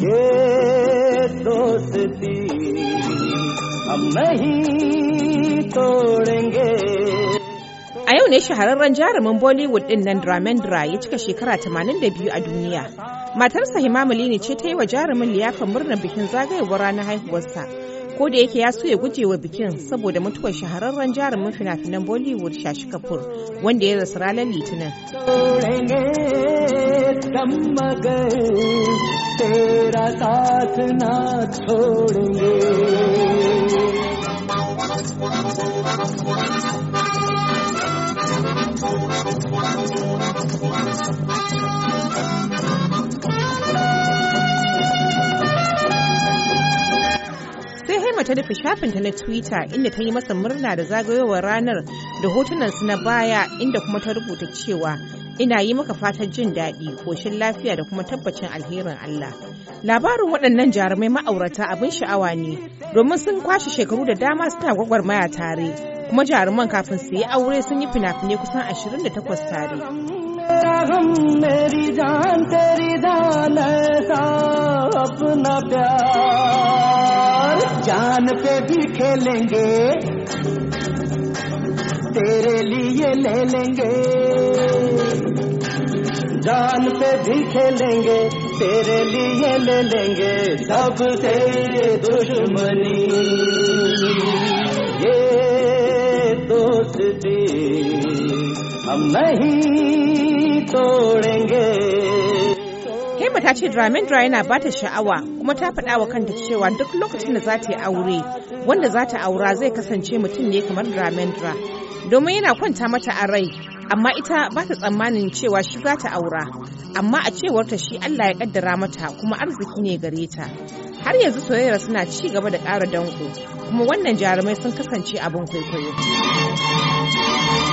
ये दोस्ती हम नहीं तोड़ेंगे A yau ne shahararren jarumin Bollywood ɗin nan Dramendra ya cika shekara 82 a duniya. Matarsa Himamuli ne ce ta yi wa jarumin liyafar murnar bikin zagayewar ranar haihuwarsa ko da yake ya so ya guje wa bikin saboda mutuwar shahararren jarumin fina-finan bollywood shashi kapoor wanda ya rasu ranar litinin Thank you. Halima ta nufi shafinta na Twitter inda ta yi masa murna da zagayowar ranar da hotunansu na baya inda kuma ta rubuta cewa ina yi maka fatan jin daɗi, koshin lafiya da kuma tabbacin alherin Allah. Labarin waɗannan jarumai ma'aurata abin sha'awa ne, domin sun kwashe shekaru da dama suna gwagwarmaya tare, kuma jaruman kafin su yi aure sun yi fina-finai kusan 28 tare. मैदान पे भी खेलेंगे तेरे लिए ले लेंगे जान पे भी खेलेंगे तेरे लिए ले लेंगे सबसे दुश्मनी ये दोस्ती हम नहीं तोड़ेंगे Halima ta ce Dramindra yana ba ta sha'awa kuma ta faɗa wa kanta cewa duk lokacin da za ta yi aure wanda za ta aura zai kasance mutum ne kamar Dramindra domin yana kwanta mata a rai amma ita ba ta tsammanin cewa shi za ta aura amma a cewar ta shi Allah ya kaddara mata kuma arziki ne gare ta har yanzu soyayya suna ci gaba da ƙara danko kuma wannan jarumai sun kasance abin kwaikwayo.